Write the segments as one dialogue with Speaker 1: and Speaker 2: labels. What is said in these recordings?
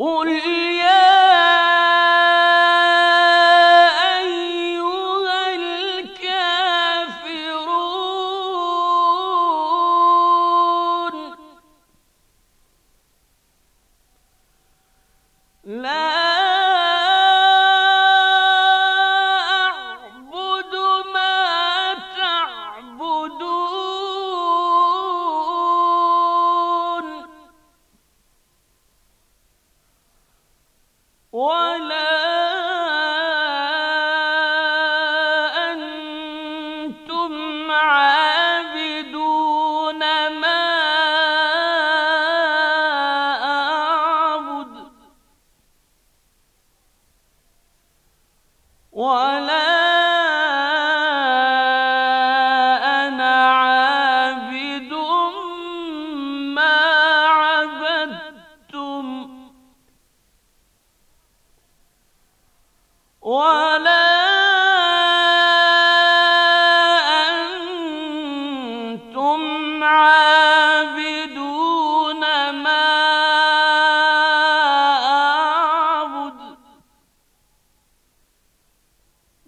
Speaker 1: قل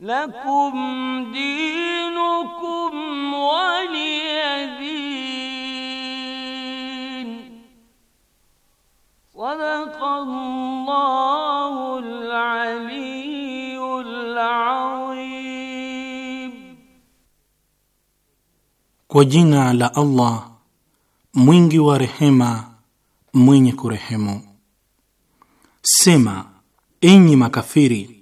Speaker 1: lakum dinukum waliyadin.
Speaker 2: Kwa jina la Allah mwingi wa rehema mwenye kurehemu. Sema, enyi makafiri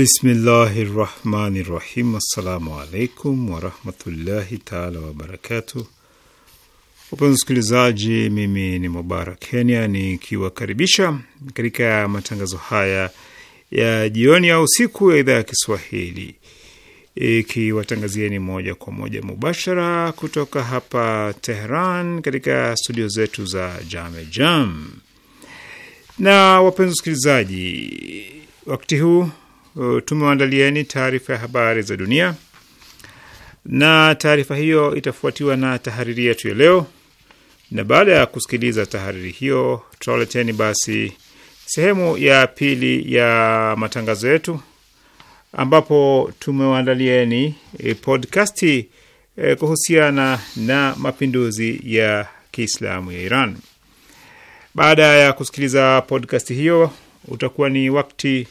Speaker 3: Bismillahi rahmani rahim. Assalamu alaikum warahmatullahi taala wabarakatuh. Wapenzi msikilizaji, mimi ni Mubarak Kenya nikiwakaribisha katika matangazo haya ya jioni au siku ya idhaa ya Kiswahili ikiwatangazieni moja kwa moja mubashara kutoka hapa Tehran katika studio zetu za Jame Jam. Na wapenzi wasikilizaji, wakati huu uh, tumewaandalieni taarifa ya habari za dunia, na taarifa hiyo itafuatiwa na tahariri yetu ya leo, na baada ya kusikiliza tahariri hiyo, tutawaleteni basi sehemu ya pili ya matangazo yetu ambapo tumewaandalieni e, eh, podcasti e, eh, kuhusiana na mapinduzi ya Kiislamu ya Iran. Baada ya kusikiliza podcasti hiyo, utakuwa ni wakati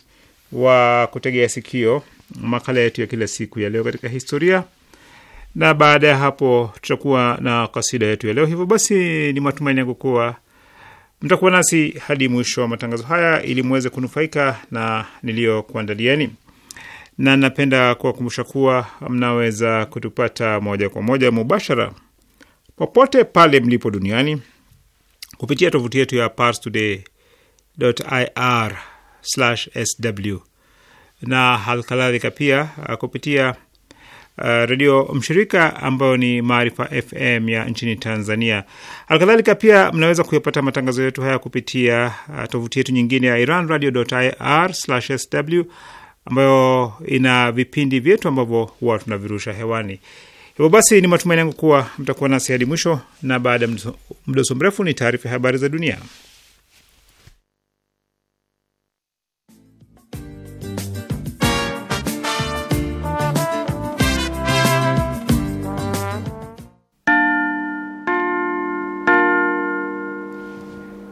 Speaker 3: wa kutegea sikio makala yetu ya kila siku ya leo katika historia, na baada ya hapo tutakuwa na kasida yetu ya leo. Hivyo basi, ni matumaini yangu kuwa mtakuwa nasi hadi mwisho wa matangazo haya ili muweze kunufaika na niliyokuandalieni, na napenda kuwakumbusha kuwa mnaweza kutupata moja kwa moja mubashara popote pale mlipo duniani kupitia tovuti yetu ya parstoday.ir sw na halikadhalika pia uh, kupitia uh, redio mshirika ambayo ni Maarifa FM ya nchini Tanzania. Halikadhalika pia mnaweza kuyapata matangazo yetu haya kupitia uh, tovuti yetu nyingine ya iranradio.ir/sw ambayo ina vipindi vyetu ambavyo huwa tunavirusha hewani. Hivyo basi, ni matumaini yangu kuwa mtakuwa nasi hadi mwisho, na baada ya mdoso mrefu ni taarifa ya habari za dunia.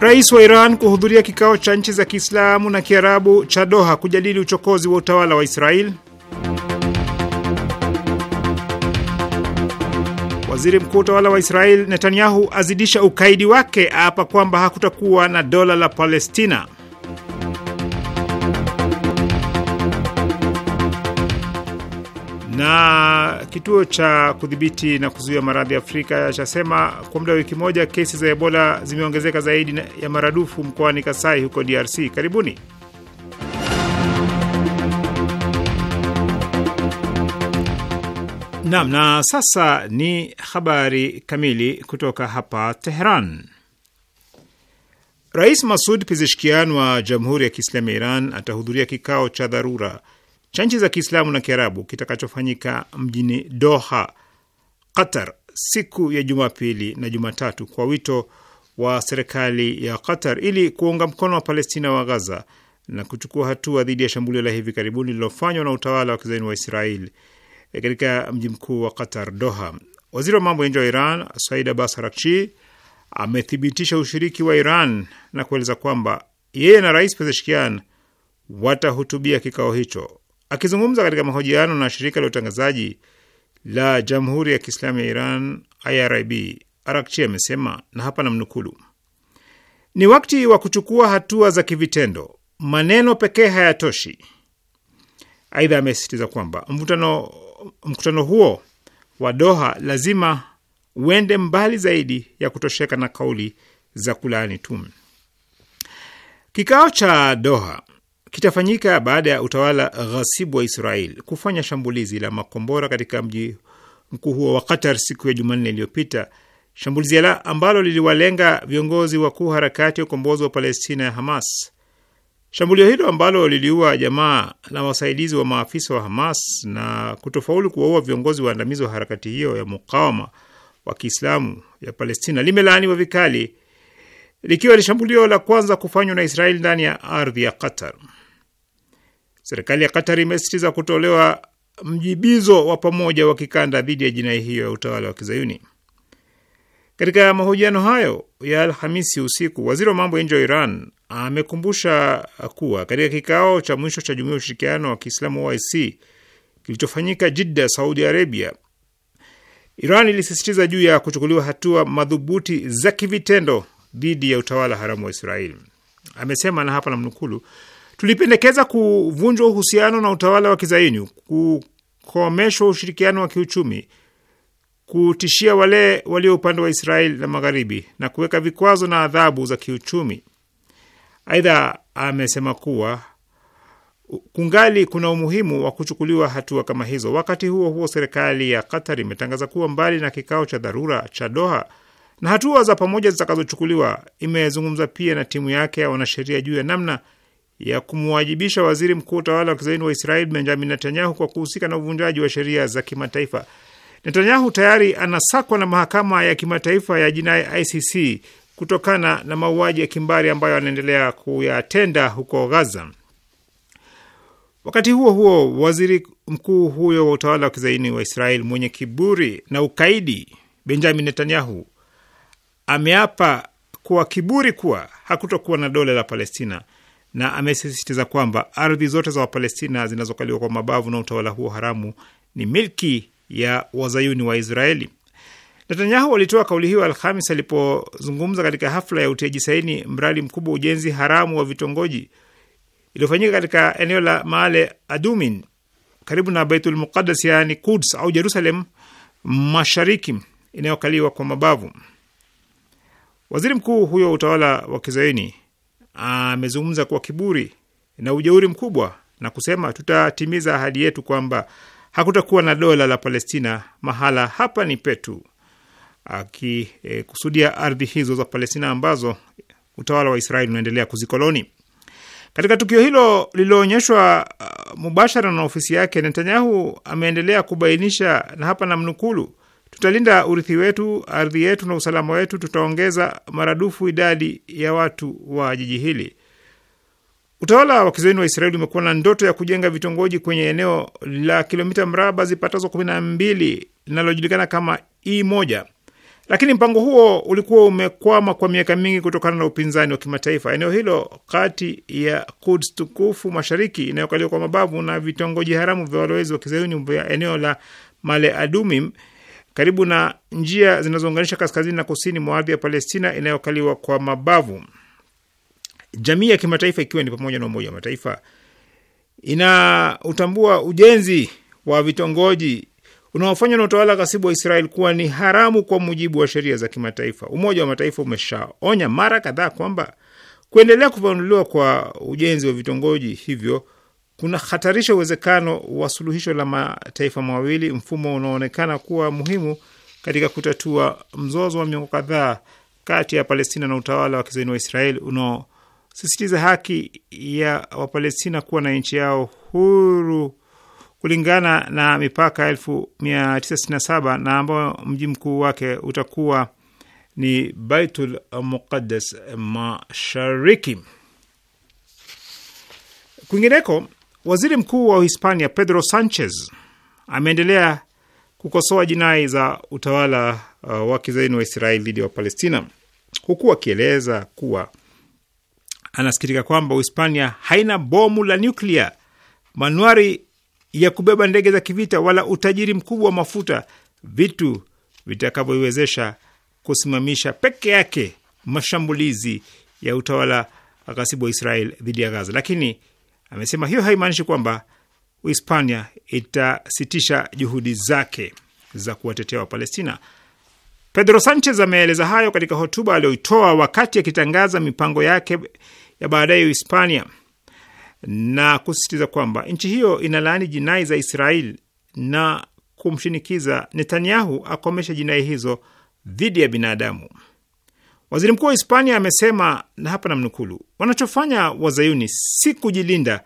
Speaker 3: Rais wa Iran kuhudhuria kikao cha nchi za Kiislamu na Kiarabu cha Doha kujadili uchokozi wa utawala wa israel Waziri mkuu utawala wa israel Netanyahu azidisha ukaidi wake, aapa kwamba hakutakuwa na dola la Palestina. Na kituo cha kudhibiti na kuzuia maradhi Afrika chasema kwa muda wa wiki moja kesi za Ebola zimeongezeka zaidi ya maradufu mkoani Kasai huko DRC. Karibuni. Naam, na sasa ni habari kamili kutoka hapa Teheran. Rais Masud Pezeshkian wa Jamhuri ya Kiislamu ya Iran atahudhuria kikao cha dharura cha nchi za Kiislamu na Kiarabu kitakachofanyika mjini Doha, Qatar, siku ya Jumapili na Jumatatu kwa wito wa serikali ya Qatar ili kuunga mkono wa Palestina wa Gaza na kuchukua hatua dhidi ya shambulio la hivi karibuni lililofanywa na utawala wa kizaini wa israel e, katika mji mkuu wa Qatar, Doha. Waziri wa mambo ya nje wa Iran Said Abbas harakchi amethibitisha ushiriki wa Iran na kueleza kwamba yeye na Rais Pezeshkian watahutubia kikao hicho. Akizungumza katika mahojiano na shirika la utangazaji la Jamhuri ya Kiislamu ya Iran IRIB, Arakchi amesema na hapa namnukulu: ni wakati wa kuchukua hatua za kivitendo, maneno pekee hayatoshi. Aidha amesisitiza kwamba mkutano, mkutano huo wa Doha lazima uende mbali zaidi ya kutosheka na kauli za kulaani tu. Kikao cha Doha kitafanyika baada ya utawala ghasibu wa Israel kufanya shambulizi la makombora katika mji mkuu huo wa Qatar siku ya Jumanne iliyopita, shambulizi la ambalo liliwalenga viongozi wakuu harakati ya ukombozi wa Palestina ya Hamas. Shambulio hilo ambalo liliua jamaa na wasaidizi wa maafisa wa Hamas na kutofaulu kuwaua viongozi waandamizi wa harakati hiyo ya mukawama wa Kiislamu ya Palestina limelaaniwa vikali likiwa ni shambulio la kwanza kufanywa na Israeli ndani ya ardhi ya Qatar. Serikali ya Qatar imesisitiza kutolewa mjibizo wa pamoja wa kikanda dhidi ya jinai hiyo ya utawala wa Kizayuni. Katika mahojiano hayo ya Alhamisi usiku, waziri wa mambo ya nje wa Iran amekumbusha kuwa katika kikao cha mwisho cha Jumuiya ya Ushirikiano wa Kiislamu OIC kilichofanyika Jidda, Saudi Arabia, Iran ilisisitiza juu ya kuchukuliwa hatua madhubuti za kivitendo dhidi ya utawala haramu wa Israeli. Amesema, na hapa mnukulu Tulipendekeza kuvunjwa uhusiano na utawala wa kizayuni, kukomeshwa ushirikiano wa kiuchumi, kutishia wale walio upande wa Israeli na magharibi na kuweka vikwazo na adhabu za kiuchumi. Aidha, amesema kuwa kungali kuna umuhimu wa kuchukuliwa hatua kama hizo. Wakati huo huo, serikali ya Qatar imetangaza kuwa mbali na kikao cha dharura cha Doha na hatua za pamoja zitakazochukuliwa, imezungumza pia na timu yake ya wanasheria juu ya namna ya kumwajibisha waziri mkuu utawala wa kizaini wa Israel Benjamin Netanyahu kwa kuhusika na uvunjaji wa sheria za kimataifa. Netanyahu tayari anasakwa na mahakama ya kimataifa ya jinai ICC kutokana na mauaji ya kimbari ambayo anaendelea kuyatenda huko Gaza. Wakati huo huo, waziri mkuu huyo wa utawala wa kizaini wa Israel mwenye kiburi na ukaidi, Benjamin Netanyahu ameapa kwa kiburi kuwa hakutokuwa na dola la Palestina na amesisitiza kwamba ardhi zote za Wapalestina zinazokaliwa kwa mabavu na utawala huo haramu ni milki ya wazayuni wa Israeli. Netanyahu alitoa kauli hiyo Alhamis alipozungumza katika hafla ya utiaji saini mradi mkubwa wa ujenzi haramu wa vitongoji iliyofanyika katika eneo la Maale Adumin karibu na Baitul Muqaddas, yaani Kuds au Jerusalem Mashariki inayokaliwa kwa mabavu. Waziri mkuu huyo wa utawala wa kizayuni amezungumza kwa kiburi na ujeuri mkubwa na kusema, tutatimiza ahadi yetu kwamba hakutakuwa na dola la Palestina mahala hapa ni petu, akikusudia ardhi hizo za Palestina ambazo utawala wa Israeli unaendelea kuzikoloni. Katika tukio hilo lililoonyeshwa uh, mubashara na ofisi yake, Netanyahu ameendelea kubainisha na hapa namnukulu Tutalinda urithi wetu, ardhi yetu na usalama wetu. Tutaongeza maradufu idadi ya watu wa jiji hili. Utawala wa kizayuni wa Israeli umekuwa na ndoto ya kujenga vitongoji kwenye eneo la kilomita mraba zipatazo kumi na mbili linalojulikana kama E moja, lakini mpango huo ulikuwa umekwama kwa miaka mingi kutokana na upinzani wa kimataifa. Eneo hilo kati ya Kuds tukufu mashariki inayokaliwa kwa mabavu na vitongoji haramu vya walowezi wa kizayuni vya eneo la Male Adumim karibu na njia zinazounganisha kaskazini na kusini mwa ardhi ya Palestina inayokaliwa kwa mabavu. Jamii ya kimataifa ikiwa ni pamoja na Umoja wa Mataifa inautambua ujenzi wa vitongoji unaofanywa na utawala kasibu wa Israel kuwa ni haramu kwa mujibu wa sheria za kimataifa. Umoja wa Mataifa umeshaonya mara kadhaa kwamba kuendelea kupanuliwa kwa ujenzi wa vitongoji hivyo kuna hatarisha uwezekano wa suluhisho la mataifa mawili, mfumo unaoonekana kuwa muhimu katika kutatua mzozo wa miongo kadhaa kati ya Palestina na utawala wa kizaini wa Israeli unaosisitiza haki ya Wapalestina kuwa na nchi yao huru kulingana na mipaka 1967 na ambayo mji mkuu wake utakuwa ni Baitul Muqaddas Mashariki. Kwingineko, Waziri mkuu wa Uhispania Pedro Sanchez ameendelea kukosoa jinai za utawala uh, wa kizaini wa Israeli dhidi ya Wapalestina huku akieleza kuwa anasikitika kwamba Uhispania haina bomu la nyuklia, manuari ya kubeba ndege za kivita, wala utajiri mkubwa wa mafuta, vitu vitakavyoiwezesha kusimamisha peke yake mashambulizi ya utawala ghasibu wa Israel dhidi ya Gaza, lakini Amesema hiyo haimaanishi kwamba Uhispania itasitisha juhudi zake za kuwatetea Wapalestina. Pedro Sanchez ameeleza hayo katika hotuba aliyoitoa wakati akitangaza mipango yake ya baadaye Uhispania na kusisitiza kwamba nchi hiyo inalaani jinai za Israel na kumshinikiza Netanyahu akomeshe jinai hizo dhidi ya binadamu. Waziri mkuu wa Hispania amesema, na hapa namnukulu, wanachofanya wazayuni si kujilinda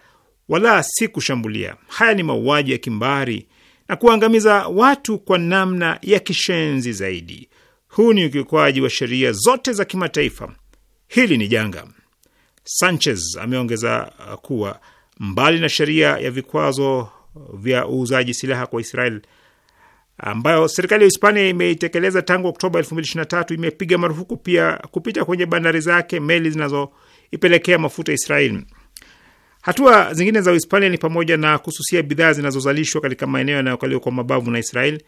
Speaker 3: wala si kushambulia. Haya ni mauaji ya kimbari na kuangamiza watu kwa namna ya kishenzi zaidi. Huu ni ukikwaji wa sheria zote za kimataifa. Hili ni janga. Sanchez ameongeza kuwa mbali na sheria ya vikwazo vya uuzaji silaha kwa Israel ambayo serikali ya Hispania imeitekeleza tangu Oktoba 2023 imepiga marufuku pia kupita kwenye bandari zake meli zinazoipelekea mafuta Israel. Hatua zingine za Uhispania ni pamoja na kususia bidhaa zinazozalishwa katika maeneo yanayokaliwa kwa mabavu na Israel,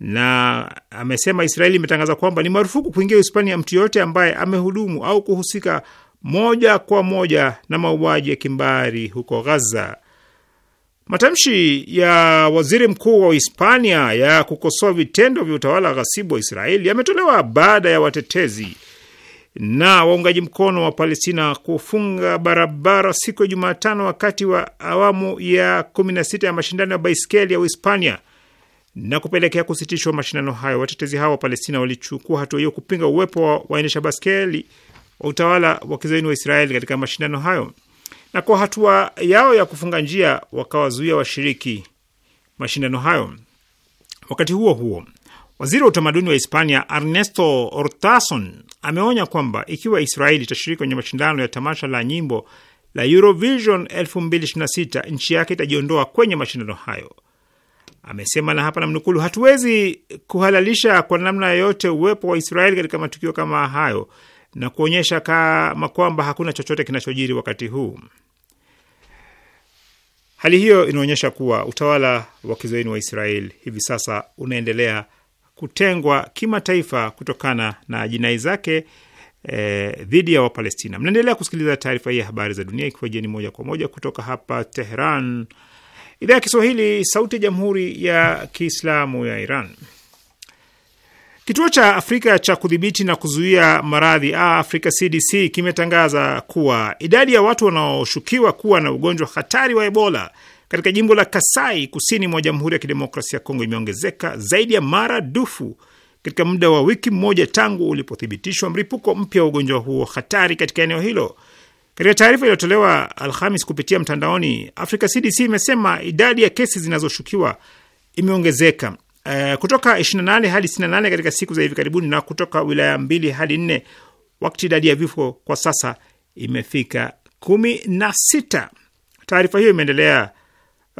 Speaker 3: na amesema Israeli imetangaza kwamba ni marufuku kuingia Uhispania mtu yoyote ambaye amehudumu au kuhusika moja kwa moja na mauaji ya kimbari huko Gaza. Matamshi ya waziri mkuu wa Hispania ya kukosoa vitendo vya utawala ghasibu wa Israeli yametolewa baada ya watetezi na waungaji mkono wa Palestina kufunga barabara siku ya Jumatano wakati wa awamu ya 16 ya mashindano ya baiskeli ya Uhispania na kupelekea kusitishwa mashindano hayo. Watetezi hao wa Palestina walichukua hatua hiyo kupinga uwepo wa waendesha baskeli wa utawala wa kizayuni wa Israeli katika mashindano hayo na kwa hatua yao ya kufunga njia wakawazuia washiriki mashindano hayo. Wakati huo huo, waziri wa utamaduni wa Hispania Ernesto Ortason ameonya kwamba ikiwa Israeli itashiriki kwenye mashindano ya tamasha la nyimbo la Eurovision 2026 nchi yake itajiondoa kwenye mashindano hayo. Amesema na hapa namnukulu, hatuwezi kuhalalisha kwa namna yoyote uwepo wa Israeli katika matukio kama hayo na kuonyesha kama kwamba hakuna chochote kinachojiri wakati huu. Hali hiyo inaonyesha kuwa utawala wa kizoeni wa Israel hivi sasa unaendelea kutengwa kimataifa kutokana na jinai zake dhidi eh, dhidi ya Wapalestina. Mnaendelea kusikiliza taarifa hii ya habari za dunia ikiwa jeni moja kwa moja kutoka hapa Tehran, idhaa ya Kiswahili, sauti ya jamhuri ya kiislamu ya Iran. Kituo cha Afrika cha kudhibiti na kuzuia maradhi ah, Afrika CDC kimetangaza kuwa idadi ya watu wanaoshukiwa kuwa na ugonjwa hatari wa Ebola katika jimbo la Kasai kusini mwa Jamhuri ya Kidemokrasia ya Kongo imeongezeka zaidi ya mara dufu katika muda wa wiki moja tangu ulipothibitishwa mlipuko mpya wa ugonjwa huo hatari katika eneo hilo. Katika taarifa iliyotolewa Alhamis kupitia mtandaoni, Africa CDC imesema idadi ya kesi zinazoshukiwa imeongezeka Eh, kutoka 28 hadi 68 katika siku za hivi karibuni na kutoka wilaya mbili hadi nne, wakati idadi ya vifo kwa sasa imefika kumi na sita. Taarifa hiyo imeendelea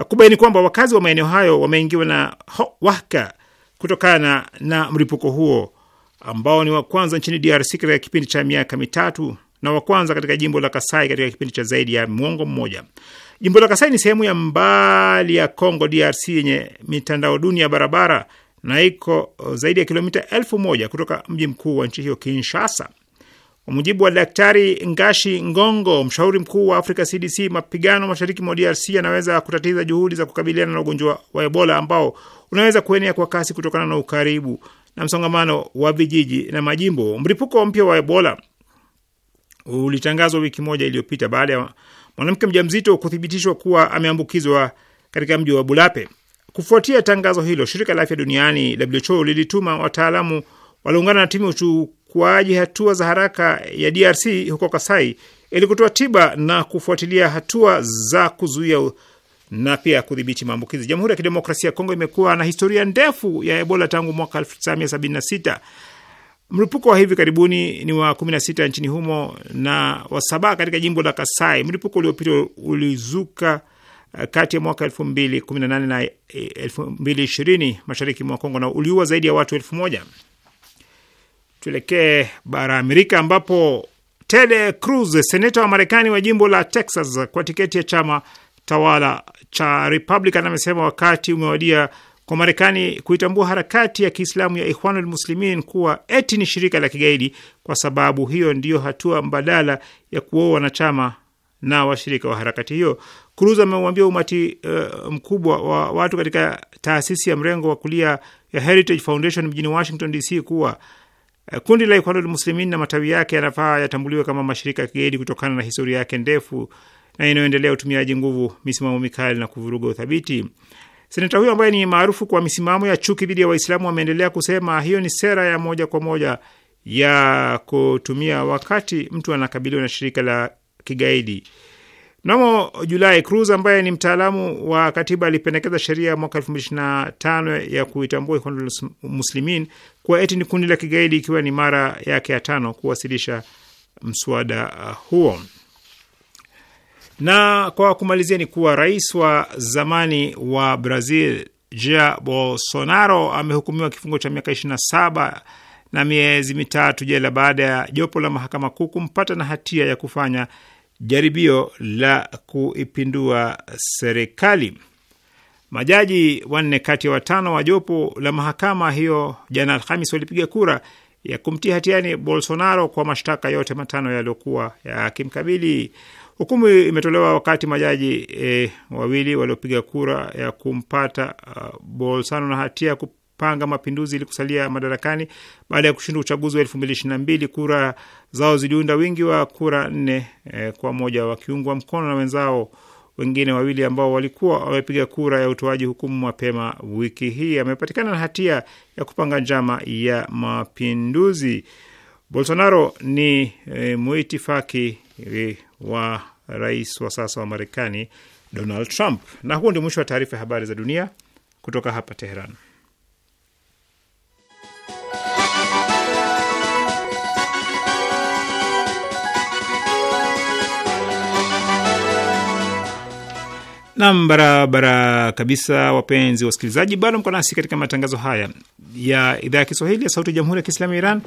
Speaker 3: kubaini kwamba wakazi wa maeneo hayo wameingiwa na waka kutokana na, na mlipuko huo ambao ni wa kwanza nchini DRC katika kipindi cha miaka mitatu na wa kwanza katika jimbo la Kasai katika kipindi cha zaidi ya mwongo mmoja. Jimbo la Kasai ni sehemu ya mbali ya congo DRC yenye mitandao duni ya barabara na iko uh, zaidi ya kilomita elfu moja kutoka mji mkuu wa nchi hiyo Kinshasa. Kwa mujibu wa Daktari Ngashi Ngongo, mshauri mkuu wa Africa CDC, mapigano mashariki mwa DRC yanaweza kutatiza juhudi za kukabiliana na ugonjwa wa Ebola ambao unaweza kuenea kwa kasi kutokana na ukaribu na msongamano wa vijiji na majimbo. Mlipuko mpya wa Ebola ulitangazwa wiki moja iliyopita baada ya mwanamke mjamzito kuthibitishwa kuwa ameambukizwa katika mji wa Bulape. Kufuatia tangazo hilo, shirika la afya duniani WHO lilituma wataalamu walioungana na timu ya uchukuaji hatua za haraka ya DRC huko Kasai ili kutoa tiba na kufuatilia hatua za kuzuia na pia kudhibiti maambukizi. Jamhuri ya Kidemokrasia ya Kongo imekuwa na historia ndefu ya Ebola tangu mwaka 1976 Mlipuko wa hivi karibuni ni wa 16 nchini humo na wa saba katika jimbo la Kasai. Mlipuko uliopita ulizuka eh, kati ya mwaka 2018 na 2020 eh, mashariki mwa Kongo na uliua zaidi ya watu elfu moja. Tuelekee bara Amerika ambapo Ted Cruz, seneta wa Marekani wa jimbo la Texas kwa tiketi ya chama tawala cha Republican, amesema wakati umewadia kwa Marekani kuitambua harakati ya Kiislamu ya Ikhwanul Muslimin kuwa eti ni shirika la kigaidi, kwa sababu hiyo ndiyo hatua mbadala ya kuoa wanachama na washirika wa harakati hiyo. Cruz ameuambia umati uh, mkubwa wa watu katika taasisi ya mrengo wa kulia ya Heritage Foundation mjini Washington DC kuwa uh, kundi la Ikhwanul Muslimin na matawi yake yanafaa yatambuliwe kama mashirika ya kigaidi kutokana na historia yake ndefu na inayoendelea utumiaji nguvu, misimamo mikali na kuvuruga uthabiti. Seneta huyo ambaye ni maarufu kwa misimamo ya chuki dhidi ya Waislamu ameendelea kusema hiyo ni sera ya moja kwa moja ya kutumia wakati mtu anakabiliwa na shirika la kigaidi. Mnamo Julai, Cruz ambaye ni mtaalamu wa katiba alipendekeza sheria ya mwaka 2025 ya kuitambua Ikhwanul Muslimin kuwa eti ni kundi la kigaidi, ikiwa ni mara yake ya tano kuwasilisha mswada huo. Na kwa kumalizia ni kuwa rais wa zamani wa Brazil Jair Bolsonaro amehukumiwa kifungo cha miaka 27 na miezi mitatu jela baada ya jopo la mahakama kuu kumpata na hatia ya kufanya jaribio la kuipindua serikali. Majaji wanne kati ya watano wa jopo la mahakama hiyo jana Alhamis walipiga kura ya kumtia hatiani Bolsonaro kwa mashtaka yote matano yaliyokuwa yakimkabili. Hukumu imetolewa wakati majaji e, wawili waliopiga kura ya kumpata uh, Bolsonaro na hatia ya kupanga mapinduzi ili kusalia madarakani baada ya kushinda uchaguzi wa elfu mbili ishirini na mbili. Kura zao ziliunda wingi wa kura nne e, kwa moja wakiungwa mkono na wenzao wengine wawili ambao walikuwa wamepiga kura ya utoaji hukumu mapema wiki hii. Amepatikana na hatia ya kupanga njama ya mapinduzi. Bolsonaro ni e, mwitifaki e, wa rais wa sasa wa Marekani Donald Trump. Na huo ndio mwisho wa taarifa ya habari za dunia kutoka hapa Teheran. Nam, barabara kabisa, wapenzi wasikilizaji, bado mko nasi katika matangazo haya ya idhaa ya Kiswahili ya Sauti ya Jamhuri ya Kiislamu ya Iran.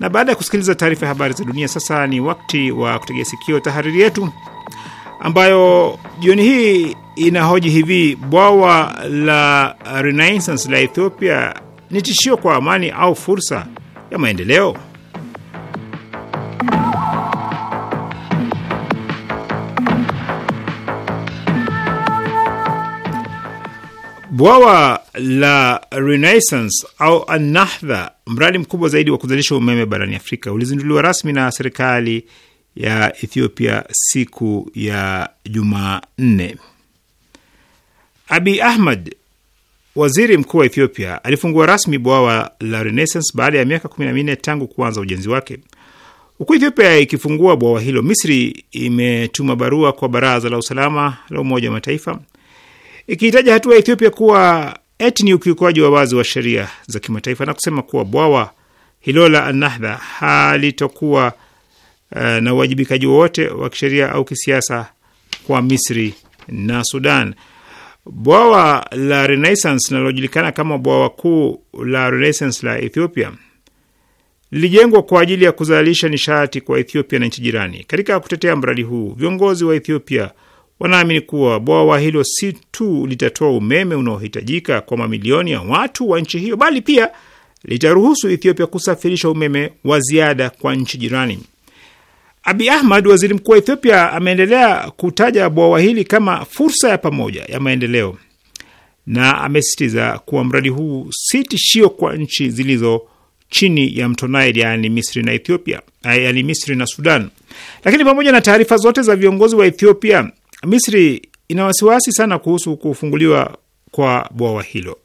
Speaker 3: Na baada ya kusikiliza taarifa ya habari za dunia, sasa ni wakati wa kutegea sikio tahariri yetu ambayo jioni hii inahoji hivi: bwawa la Renaissance la Ethiopia ni tishio kwa amani au fursa ya maendeleo? Bwawa la Renaissance au Anahdha, mradi mkubwa zaidi wa kuzalisha umeme barani Afrika, ulizinduliwa rasmi na serikali ya Ethiopia siku ya Jumanne. Abi Ahmed, waziri mkuu wa Ethiopia, alifungua rasmi bwawa la Renaissance baada ya miaka 14 tangu kuanza ujenzi wake. Huku Ethiopia ikifungua bwawa hilo, Misri imetuma barua kwa Baraza la Usalama la Umoja wa Mataifa ikiitaja hatua ya Ethiopia kuwa eti ni ukiukaji wa wazi wa sheria za kimataifa na kusema kuwa bwawa hilo la Nahdha halitokuwa uh, na uwajibikaji wowote wa kisheria au kisiasa kwa Misri na Sudan. Bwawa la Renaissance linalojulikana kama bwawa kuu la Renaissance la Ethiopia lilijengwa kwa ajili ya kuzalisha nishati kwa Ethiopia na nchi jirani. Katika kutetea mradi huu, viongozi wa Ethiopia wanaamini kuwa bwawa hilo si tu litatoa umeme unaohitajika kwa mamilioni ya watu wa nchi hiyo, bali pia litaruhusu Ethiopia kusafirisha umeme wa ziada kwa nchi jirani. Abi Ahmad, waziri mkuu wa Ethiopia, ameendelea kutaja bwawa hili kama fursa ya pamoja ya maendeleo na amesisitiza kuwa mradi huu si tishio kwa nchi zilizo chini ya mto Nile, yaani Misri na Ethiopia, yaani Misri na Sudan. Lakini pamoja na taarifa zote za viongozi wa Ethiopia Misri ina wasiwasi sana kuhusu kufunguliwa kwa bwawa hilo.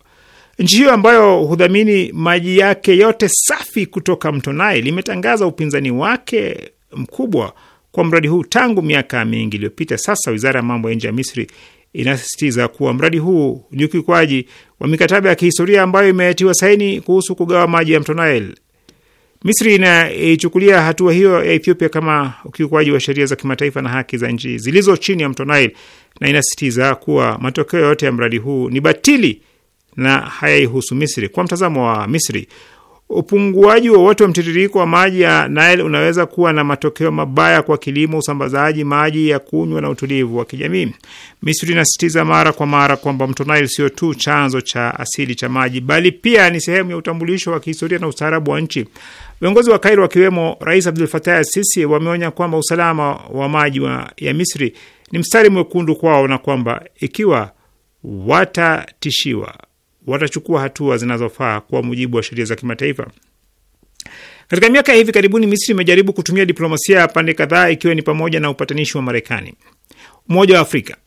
Speaker 3: Nchi hiyo ambayo hudhamini maji yake yote safi kutoka mto Nile limetangaza upinzani wake mkubwa kwa mradi huu tangu miaka mingi iliyopita. Sasa wizara ya mambo ya nje ya Misri inasisitiza kuwa mradi huu ni ukiukwaji wa mikataba ya kihistoria ambayo imetiwa saini kuhusu kugawa maji ya mto Nile. Misri inaichukulia hatua hiyo ya Ethiopia kama ukiukwaji wa sheria za kimataifa na haki za nchi zilizo chini ya mto Nile na inasisitiza kuwa matokeo yote ya mradi huu ni batili na hayaihusu Misri. Kwa mtazamo wa Misri, upunguaji wowote wa, wa mtiririko wa maji ya Nile unaweza kuwa na matokeo mabaya kwa kilimo, usambazaji maji ya kunywa na utulivu wa kijamii. Misri inasisitiza mara kwa mara kwamba mto Nile sio tu chanzo cha asili cha maji, bali pia ni sehemu ya utambulisho wa kihistoria na ustaarabu wa nchi. Viongozi wa Kairo wakiwemo Rais Abdul Fatah Sisi wameonya kwamba usalama wa maji ya Misri ni mstari mwekundu kwao na kwamba ikiwa watatishiwa watachukua hatua zinazofaa kwa mujibu wa sheria za kimataifa. Katika miaka ya hivi karibuni, Misri imejaribu kutumia diplomasia ya pande kadhaa, ikiwa ni pamoja na upatanishi wa Marekani, Umoja wa Afrika,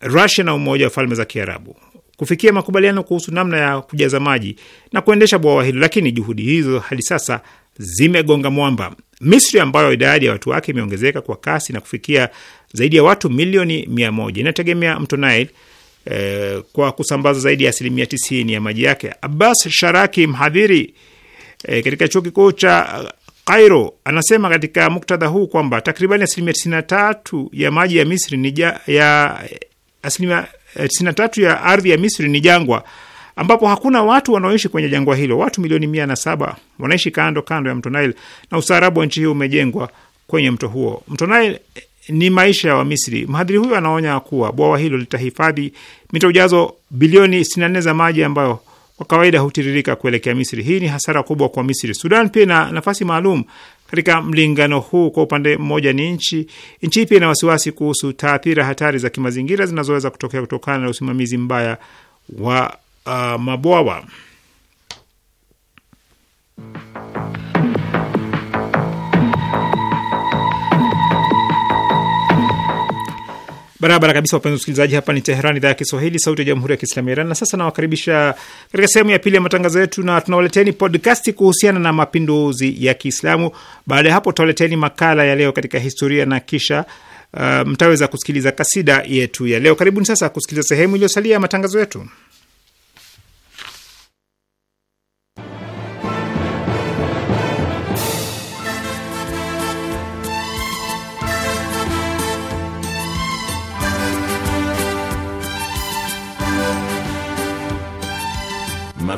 Speaker 3: Rusia na Umoja wa Falme za Kiarabu kufikia makubaliano kuhusu namna ya kujaza maji na kuendesha bwawa hilo, lakini juhudi hizo hadi sasa zimegonga mwamba. Misri ambayo idadi ya watu wake imeongezeka kwa kasi na kufikia zaidi ya watu milioni mia moja inategemea mto Nile eh, kwa kusambaza zaidi ya asilimia tisini ya maji yake. Abbas Sharaki, mhadhiri eh, katika chuo kikuu cha Cairo, anasema katika muktadha huu kwamba takribani asilimia tisini na tatu ya maji ya Misri ni ja, ya eh, asilimia eh, tisini na tatu ya ardhi ya Misri ni jangwa ambapo hakuna watu wanaoishi kwenye jangwa hilo. Watu milioni mia na saba wanaishi kando kando ya mto Nile na ustaarabu wa nchi hiyo umejengwa kwenye mto huo. Mto Nile ni maisha ya wa Wamisri. Mhadhiri huyo anaonya kuwa bwawa hilo litahifadhi mita ujazo bilioni 64 za maji ambayo kwa kawaida hutiririka kuelekea Misri. Hii ni hasara kubwa kwa Misri. Sudan pia ina nafasi maalum katika mlingano huu. Kwa upande mmoja, ni nchi nchi hii pia ina wasiwasi kuhusu taathira hatari za kimazingira zinazoweza kutokea kutokana na usimamizi mbaya wa uh, mabwawa. Barabara kabisa, wapenzi wasikilizaji, hapa ni Teheran, idhaa ya Kiswahili, sauti ya jamhuri ya kiislamu ya Iran. Na sasa nawakaribisha katika sehemu ya pili ya matangazo yetu, na tunawaleteni podcasti kuhusiana na mapinduzi ya Kiislamu. Baada ya hapo, tutawaleteni makala ya leo katika historia na kisha uh, mtaweza kusikiliza kasida yetu ya leo. Karibuni sasa kusikiliza sehemu iliyosalia ya matangazo yetu.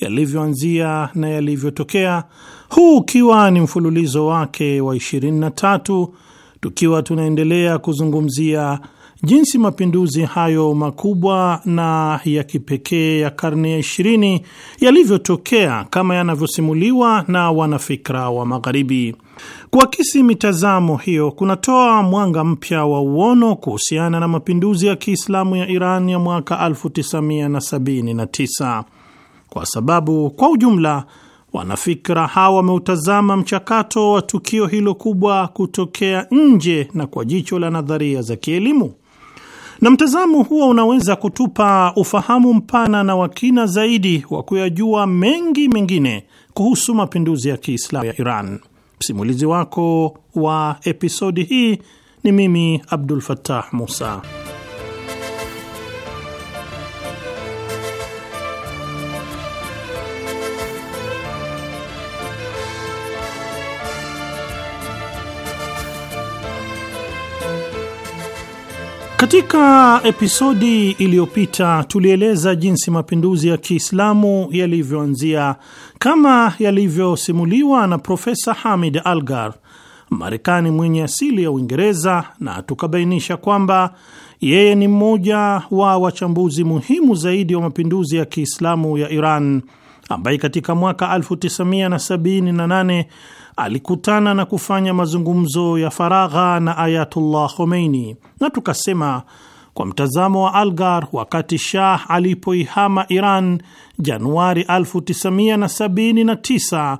Speaker 2: yalivyoanzia na yalivyotokea, huu ukiwa ni mfululizo wake wa 23 tukiwa tunaendelea kuzungumzia jinsi mapinduzi hayo makubwa na ya kipekee ya karne ya 20 yalivyotokea kama yanavyosimuliwa na wanafikra wa Magharibi. Kuakisi mitazamo hiyo kunatoa mwanga mpya wa uono kuhusiana na mapinduzi ya Kiislamu ya Iran ya mwaka 1979 kwa sababu kwa ujumla wanafikra hawa wameutazama mchakato wa tukio hilo kubwa kutokea nje na kwa jicho la nadharia za kielimu, na mtazamo huo unaweza kutupa ufahamu mpana na wakina zaidi wa kuyajua mengi mengine kuhusu mapinduzi ya Kiislamu ya Iran. Msimulizi wako wa episodi hii ni mimi Abdul Fattah Musa. Katika episodi iliyopita tulieleza jinsi mapinduzi ya Kiislamu yalivyoanzia kama yalivyosimuliwa na Profesa Hamid Algar, Marekani mwenye asili ya Uingereza, na tukabainisha kwamba yeye ni mmoja wa wachambuzi muhimu zaidi wa mapinduzi ya Kiislamu ya Iran ambaye katika mwaka 1978 alikutana na kufanya mazungumzo ya faragha na Ayatullah Khomeini, na tukasema kwa mtazamo wa Algar, wakati Shah alipoihama Iran Januari 1979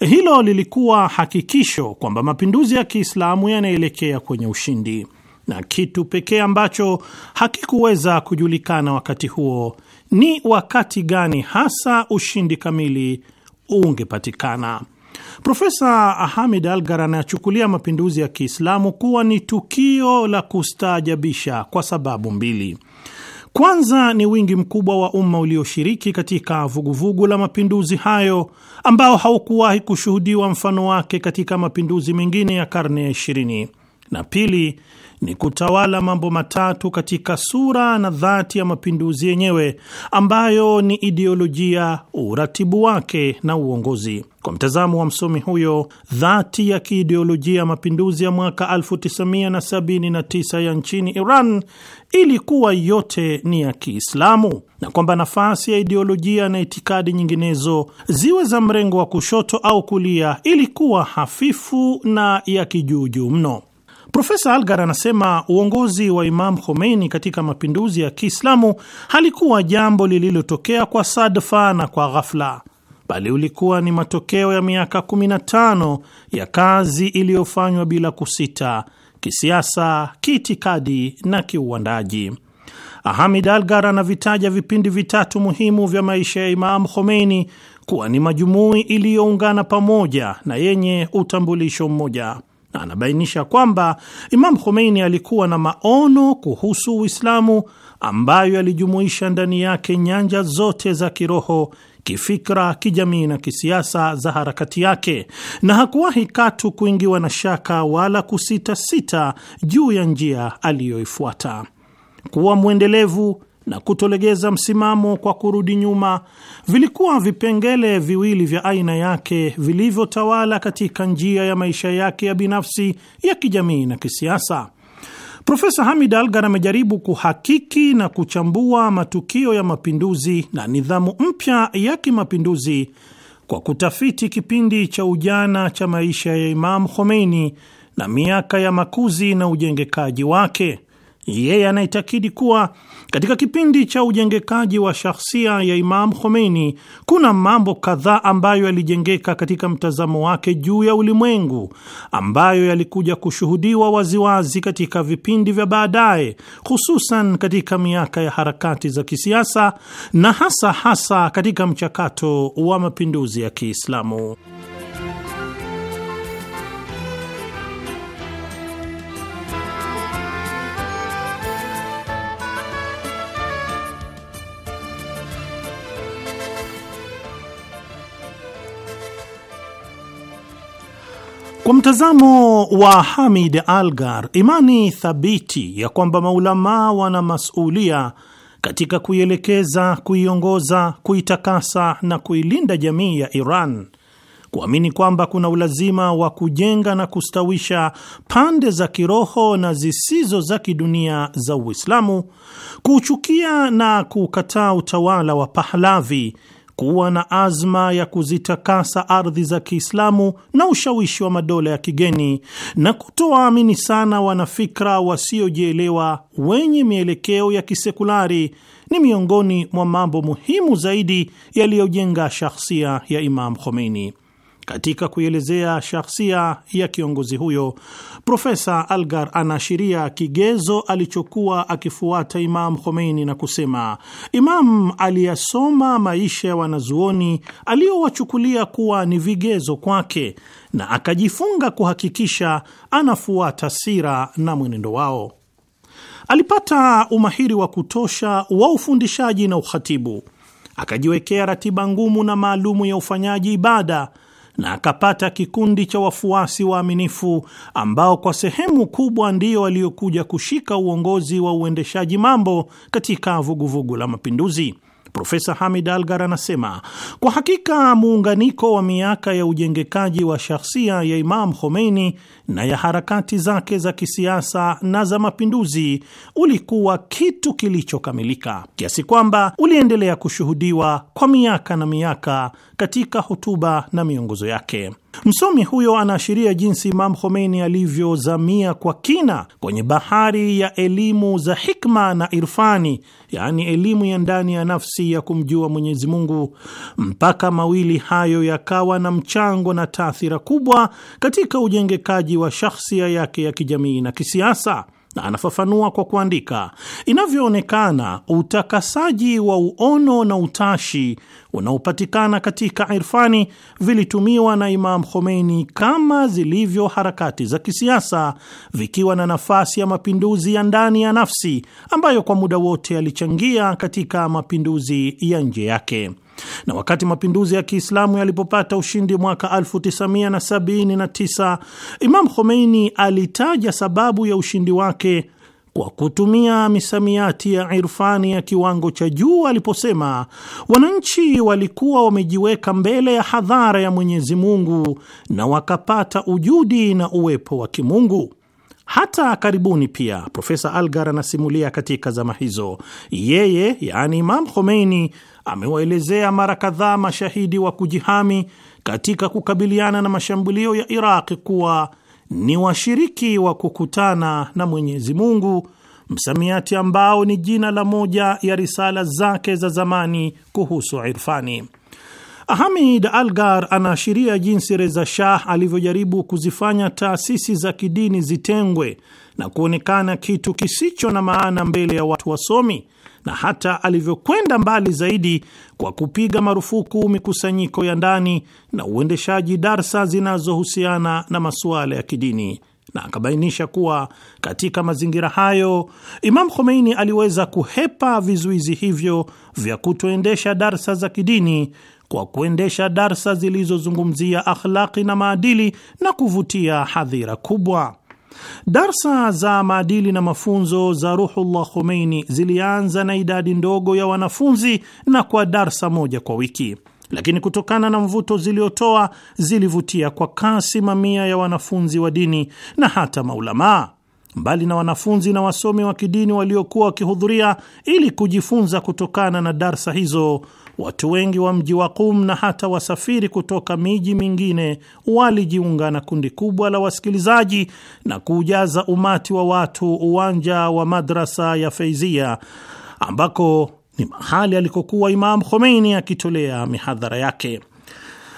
Speaker 2: hilo lilikuwa hakikisho kwamba mapinduzi ya Kiislamu yanaelekea kwenye ushindi, na kitu pekee ambacho hakikuweza kujulikana wakati huo ni wakati gani hasa ushindi kamili ungepatikana. Profesa ahamid Algar anayachukulia mapinduzi ya Kiislamu kuwa ni tukio la kustaajabisha kwa sababu mbili. Kwanza ni wingi mkubwa wa umma ulioshiriki katika vuguvugu vugu la mapinduzi hayo ambao haukuwahi kushuhudiwa mfano wake katika mapinduzi mengine ya karne ya ishirini, na pili ni kutawala mambo matatu katika sura na dhati ya mapinduzi yenyewe ambayo ni ideolojia, uratibu wake na uongozi. Kwa mtazamo wa msomi huyo, dhati ya kiideolojia ya mapinduzi ya mwaka 1979 ya nchini Iran ilikuwa yote ni ya Kiislamu, na kwamba nafasi ya ideolojia na itikadi nyinginezo ziwe za mrengo wa kushoto au kulia ilikuwa hafifu na ya kijuujuu mno. Profesa Algar anasema uongozi wa Imam Khomeini katika mapinduzi ya Kiislamu halikuwa jambo lililotokea kwa sadfa na kwa ghafla, bali ulikuwa ni matokeo ya miaka 15 ya kazi iliyofanywa bila kusita, kisiasa, kiitikadi na kiuandaji. Hamid Algar anavitaja vipindi vitatu muhimu vya maisha ya Imam Khomeini kuwa ni majumui iliyoungana pamoja na yenye utambulisho mmoja na anabainisha kwamba Imam Khomeini alikuwa na maono kuhusu Uislamu ambayo yalijumuisha ndani yake nyanja zote za kiroho, kifikra, kijamii na kisiasa za harakati yake, na hakuwahi katu kuingiwa na shaka wala kusitasita juu ya njia aliyoifuata kuwa mwendelevu na kutolegeza msimamo kwa kurudi nyuma vilikuwa vipengele viwili vya aina yake vilivyotawala katika njia ya maisha yake ya binafsi ya kijamii na kisiasa. Profesa Hamid Algar amejaribu kuhakiki na kuchambua matukio ya mapinduzi na nidhamu mpya ya kimapinduzi kwa kutafiti kipindi cha ujana cha maisha ya Imam Khomeini na miaka ya makuzi na ujengekaji wake yeye anaitakidi kuwa katika kipindi cha ujengekaji wa shahsia ya Imam Khomeini kuna mambo kadhaa ambayo yalijengeka katika mtazamo wake juu ya ulimwengu ambayo yalikuja kushuhudiwa waziwazi katika vipindi vya baadaye, hususan katika miaka ya harakati za kisiasa na hasa hasa katika mchakato wa mapinduzi ya Kiislamu. Kwa mtazamo wa Hamid Algar, imani thabiti ya kwamba maulamaa wana masulia katika kuielekeza, kuiongoza, kuitakasa na kuilinda jamii ya Iran, kuamini kwamba kuna ulazima wa kujenga na kustawisha pande za kiroho na zisizo za kidunia za Uislamu, kuuchukia na kukataa utawala wa Pahlavi kuwa na azma ya kuzitakasa ardhi za Kiislamu na ushawishi wa madola ya kigeni na kutowaamini sana wanafikra wasiojielewa wenye mielekeo ya kisekulari ni miongoni mwa mambo muhimu zaidi yaliyojenga shahsia ya Imam Khomeini. Katika kuielezea shahsia ya kiongozi huyo, Profesa Algar anaashiria kigezo alichokuwa akifuata Imam Khomeini na kusema, Imam aliyasoma maisha ya wanazuoni aliyowachukulia kuwa ni vigezo kwake na akajifunga kuhakikisha anafuata sira na mwenendo wao. Alipata umahiri wa kutosha wa ufundishaji na ukhatibu, akajiwekea ratiba ngumu na maalumu ya ufanyaji ibada na akapata kikundi cha wafuasi waaminifu ambao kwa sehemu kubwa ndiyo waliokuja kushika uongozi wa uendeshaji mambo katika vuguvugu vugu la mapinduzi. Profesa Hamid Algar anasema kwa hakika muunganiko wa miaka ya ujengekaji wa shahsia ya Imam Khomeini na ya harakati zake za kisiasa na za mapinduzi ulikuwa kitu kilichokamilika kiasi kwamba uliendelea kushuhudiwa kwa miaka na miaka katika hotuba na miongozo yake. Msomi huyo anaashiria jinsi Imam Khomeini alivyozamia kwa kina kwenye bahari ya elimu za hikma na irfani, yaani elimu ya ndani ya nafsi ya kumjua Mwenyezi Mungu, mpaka mawili hayo yakawa na mchango na taathira kubwa katika ujengekaji wa shahsia yake ya kijamii na kisiasa na anafafanua kwa kuandika, inavyoonekana utakasaji wa uono na utashi unaopatikana katika irfani vilitumiwa na Imam Khomeini kama zilivyo harakati za kisiasa, vikiwa na nafasi ya mapinduzi ya ndani ya nafsi ambayo kwa muda wote alichangia katika mapinduzi ya nje yake na wakati mapinduzi ya Kiislamu yalipopata ushindi mwaka 1979 Imam Khomeini alitaja sababu ya ushindi wake kwa kutumia misamiati ya irfani ya kiwango cha juu aliposema, wananchi walikuwa wamejiweka mbele ya hadhara ya Mwenyezi Mungu na wakapata ujudi na uwepo wa kimungu. Hata karibuni pia Profesa Algar anasimulia katika zama hizo, yeye yaani Imam Khomeini amewaelezea mara kadhaa mashahidi wa kujihami katika kukabiliana na mashambulio ya iraq kuwa ni washiriki wa kukutana na Mwenyezi Mungu, msamiati ambao ni jina la moja ya risala zake za zamani kuhusu irfani. Hamid Algar anaashiria jinsi Reza Shah alivyojaribu kuzifanya taasisi za kidini zitengwe na kuonekana kitu kisicho na maana mbele ya watu wasomi na hata alivyokwenda mbali zaidi kwa kupiga marufuku mikusanyiko ya ndani na uendeshaji darsa zinazohusiana na masuala ya kidini, na akabainisha kuwa katika mazingira hayo Imam Khomeini aliweza kuhepa vizuizi hivyo vya kutoendesha darsa za kidini kwa kuendesha darsa zilizozungumzia akhlaki na maadili na kuvutia hadhira kubwa. Darsa za maadili na mafunzo za Ruhullah Khomeini zilianza na idadi ndogo ya wanafunzi na kwa darsa moja kwa wiki, lakini kutokana na mvuto ziliotoa zilivutia kwa kasi mamia ya wanafunzi wa dini na hata maulamaa. Mbali na wanafunzi na wasomi wa kidini waliokuwa wakihudhuria ili kujifunza kutokana na darsa hizo, watu wengi wa mji wa Qum na hata wasafiri kutoka miji mingine walijiunga na kundi kubwa la wasikilizaji na kuujaza umati wa watu uwanja wa madrasa ya Feizia ambako ni mahali alikokuwa Imam Khomeini akitolea ya mihadhara yake.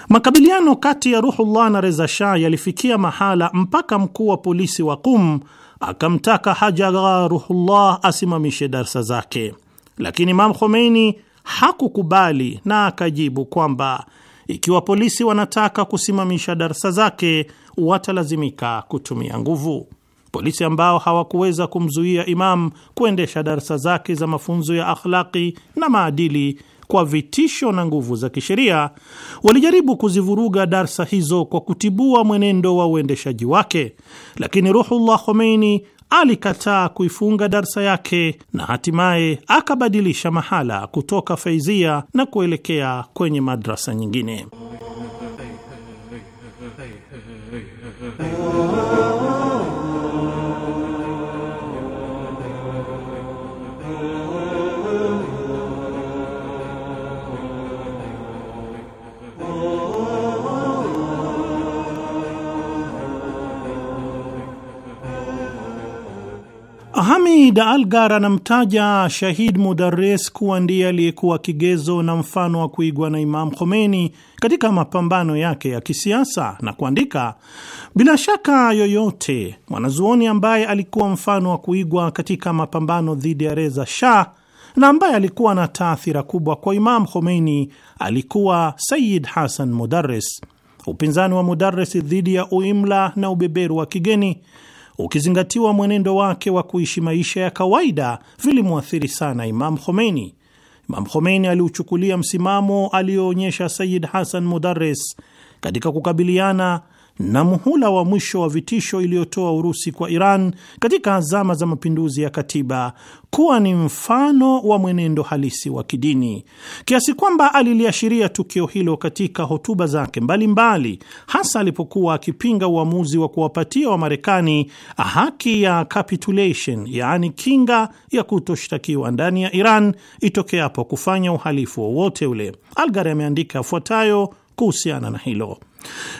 Speaker 2: Makabiliano kati ya Ruhullah na Reza Shah yalifikia mahala mpaka mkuu wa polisi wa Qum akamtaka Haji Agha Ruhullah asimamishe darsa zake, lakini Imam Khomeini hakukubali na akajibu kwamba ikiwa polisi wanataka kusimamisha darsa zake watalazimika kutumia nguvu. Polisi ambao hawakuweza kumzuia Imam kuendesha darsa zake za mafunzo ya akhlaki na maadili kwa vitisho na nguvu za kisheria, walijaribu kuzivuruga darsa hizo kwa kutibua mwenendo wa uendeshaji wake, lakini Ruhullah Khomeini alikataa kuifunga darsa yake na hatimaye akabadilisha mahala kutoka Faizia na kuelekea kwenye madrasa nyingine. Hamid Algar anamtaja Shahid Mudares kuwa ndiye aliyekuwa kigezo na mfano wa kuigwa na Imam Khomeini katika mapambano yake ya kisiasa na kuandika, bila shaka yoyote mwanazuoni ambaye alikuwa mfano wa kuigwa katika mapambano dhidi ya Reza Shah na ambaye alikuwa na taathira kubwa kwa Imam Khomeini alikuwa Sayid Hasan Mudares. Upinzani wa Mudares dhidi ya uimla na ubeberu wa kigeni ukizingatiwa mwenendo wake wa kuishi maisha ya kawaida, vilimwathiri sana Imam Khomeini. Imam Khomeini aliuchukulia msimamo aliyoonyesha Sayid Hasan Mudares katika kukabiliana na muhula wa mwisho wa vitisho iliyotoa Urusi kwa Iran katika azama za mapinduzi ya katiba kuwa ni mfano wa mwenendo halisi wa kidini, kiasi kwamba aliliashiria tukio hilo katika hotuba zake mbalimbali mbali, hasa alipokuwa akipinga uamuzi wa kuwapatia Wamarekani haki ya capitulation, yaani kinga ya kutoshtakiwa ndani ya Iran itokeapo kufanya uhalifu wowote ule. Algari ameandika yafuatayo kuhusiana na hilo.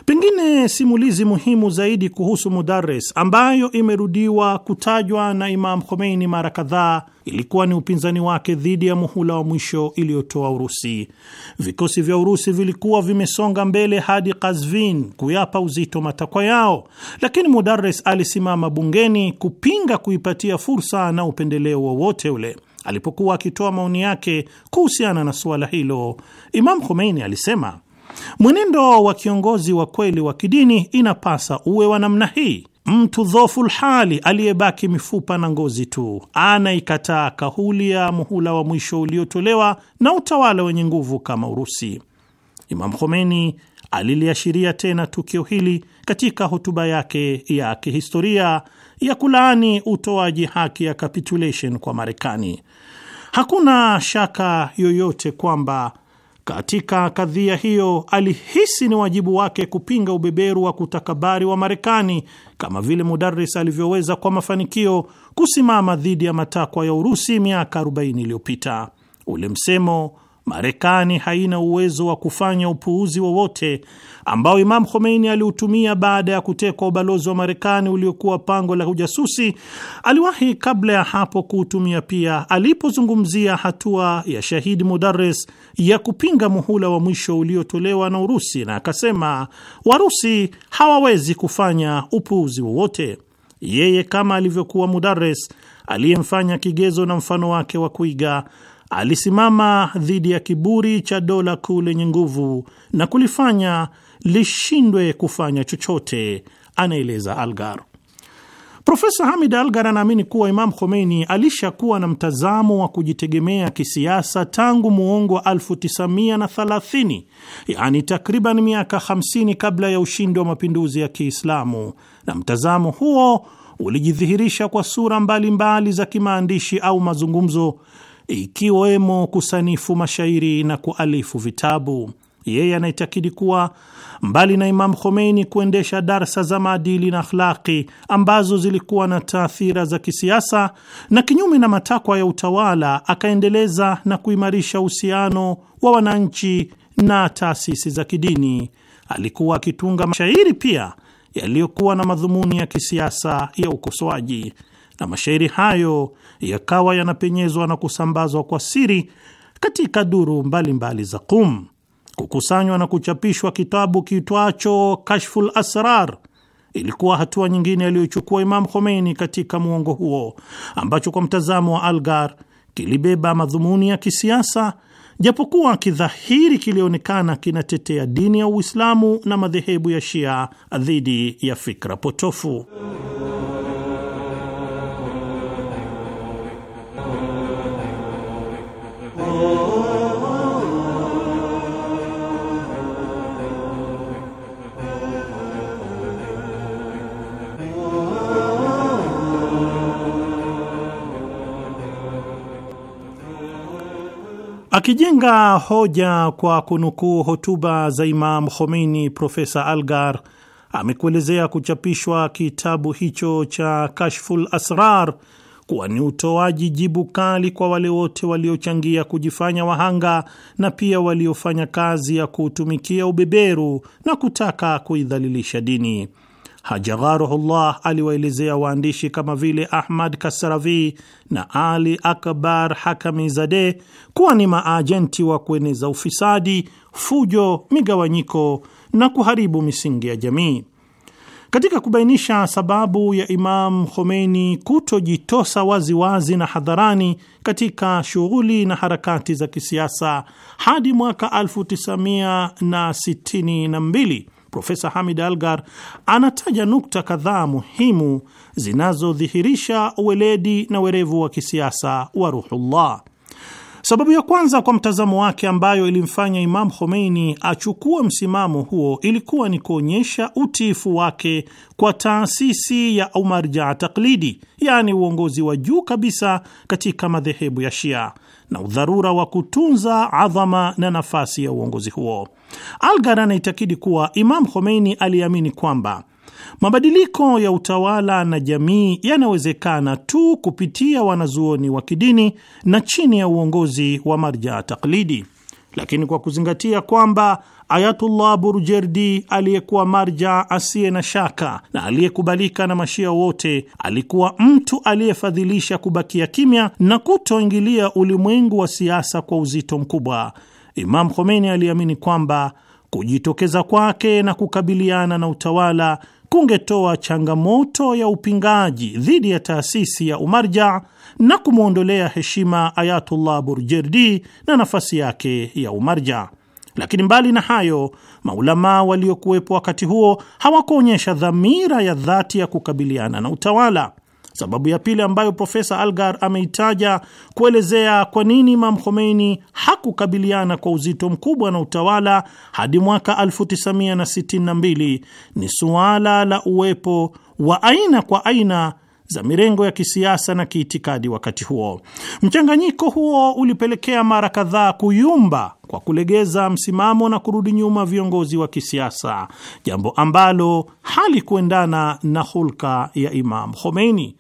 Speaker 2: Pengine simulizi muhimu zaidi kuhusu Mudares ambayo imerudiwa kutajwa na Imam Khomeini mara kadhaa ilikuwa ni upinzani wake dhidi ya muhula wa mwisho iliyotoa Urusi. Vikosi vya Urusi vilikuwa vimesonga mbele hadi Kazvin kuyapa uzito matakwa yao, lakini Mudares alisimama bungeni kupinga kuipatia fursa na upendeleo wowote ule. Alipokuwa akitoa maoni yake kuhusiana na suala hilo, Imam Khomeini alisema: Mwenendo wa kiongozi wa kweli wa kidini inapasa uwe wa namna hii. Mtu dhofu lhali aliyebaki mifupa na ngozi tu anaikataa kahuli ya muhula wa mwisho uliotolewa na utawala wenye nguvu kama Urusi. Imam Khomeini aliliashiria tena tukio hili katika hotuba yake ya kihistoria ya kulaani utoaji haki ya capitulation kwa Marekani. Hakuna shaka yoyote kwamba katika kadhia hiyo, alihisi ni wajibu wake kupinga ubeberu wa kutakabari wa Marekani kama vile Mudaris alivyoweza kwa mafanikio kusimama dhidi ya matakwa ya Urusi miaka 40 iliyopita. Ule msemo Marekani haina uwezo wa kufanya upuuzi wowote ambao Imam Khomeini aliutumia baada ya kutekwa ubalozi wa Marekani uliokuwa pango la ujasusi. Aliwahi kabla ya hapo kuutumia pia, alipozungumzia hatua ya Shahidi Mudares ya kupinga muhula wa mwisho uliotolewa na Urusi, na akasema Warusi hawawezi kufanya upuuzi wowote. Yeye kama alivyokuwa Mudares aliyemfanya kigezo na mfano wake wa kuiga alisimama dhidi ya kiburi cha dola kuu lenye nguvu na kulifanya lishindwe kufanya chochote, anaeleza Algar. Profesa Hamid Algar anaamini kuwa Imam Khomeini alishakuwa na mtazamo wa kujitegemea kisiasa tangu muongo wa 1930 yaani takriban miaka 50 kabla ya ushindi wa mapinduzi ya Kiislamu, na mtazamo huo ulijidhihirisha kwa sura mbalimbali mbali za kimaandishi au mazungumzo ikiwemo kusanifu mashairi na kualifu vitabu. Yeye anaitakidi kuwa mbali na Imam Khomeini kuendesha darsa za maadili na akhlaki ambazo zilikuwa na taathira za kisiasa na kinyume na matakwa ya utawala, akaendeleza na kuimarisha uhusiano wa wananchi na taasisi za kidini. Alikuwa akitunga mashairi pia yaliyokuwa na madhumuni ya kisiasa ya ukosoaji, na mashairi hayo yakawa yanapenyezwa na kusambazwa kwa siri katika duru mbalimbali mbali za Qum. Kukusanywa na kuchapishwa kitabu kiitwacho Kashful Asrar ilikuwa hatua nyingine aliyochukua Imam Khomeini katika muongo huo, ambacho kwa mtazamo wa Algar kilibeba madhumuni ya kisiasa, japokuwa kidhahiri kilionekana kinatetea dini ya Uislamu na madhehebu ya Shia dhidi ya fikra potofu. Akijenga hoja kwa kunukuu hotuba za Imam Khomeini, Profesa Algar amekuelezea kuchapishwa kitabu hicho cha Kashful Asrar kuwa ni utoaji jibu kali kwa wale wote waliochangia kujifanya wahanga na pia waliofanya kazi ya kuutumikia ubeberu na kutaka kuidhalilisha dini. Haja Gharuhullah aliwaelezea waandishi kama vile Ahmad Kasaravi na Ali Akbar hakami zade kuwa ni maajenti wa kueneza ufisadi, fujo, migawanyiko na kuharibu misingi ya jamii. Katika kubainisha sababu ya Imam Khomeini kutojitosa waziwazi na hadharani katika shughuli na harakati za kisiasa hadi mwaka 1962 Profesa Hamid Algar anataja nukta kadhaa muhimu zinazodhihirisha uweledi na werevu wa kisiasa wa Ruhullah. Sababu ya kwanza kwa mtazamo wake ambayo ilimfanya Imam Khomeini achukue msimamo huo ilikuwa ni kuonyesha utiifu wake kwa taasisi ya umarjaa taklidi, yaani uongozi wa juu kabisa katika madhehebu ya Shia na udharura wa kutunza adhama na nafasi ya uongozi huo. Algar anaitakidi kuwa Imam Khomeini aliamini kwamba mabadiliko ya utawala na jamii yanawezekana tu kupitia wanazuoni wa kidini na chini ya uongozi wa marja taklidi lakini kwa kuzingatia kwamba Ayatullah Burjerdi aliyekuwa marja asiye na shaka na aliyekubalika na mashia wote alikuwa mtu aliyefadhilisha kubakia kimya na kutoingilia ulimwengu wa siasa kwa uzito mkubwa, Imam Khomeini aliamini kwamba kujitokeza kwake na kukabiliana na utawala kungetoa changamoto ya upingaji dhidi ya taasisi ya Umarja na kumwondolea heshima Ayatullah Burjerdi na nafasi yake ya Umarja. Lakini mbali na hayo, maulamaa waliokuwepo wakati huo hawakuonyesha dhamira ya dhati ya kukabiliana na utawala. Sababu ya pili ambayo Profesa Algar ameitaja kuelezea kwa nini Imam Khomeini hakukabiliana kwa uzito mkubwa na utawala hadi mwaka 1962 ni suala la uwepo wa aina kwa aina za mirengo ya kisiasa na kiitikadi wakati huo. Mchanganyiko huo ulipelekea mara kadhaa kuyumba kwa kulegeza msimamo na kurudi nyuma viongozi wa kisiasa, jambo ambalo halikuendana na hulka ya Imam Khomeini.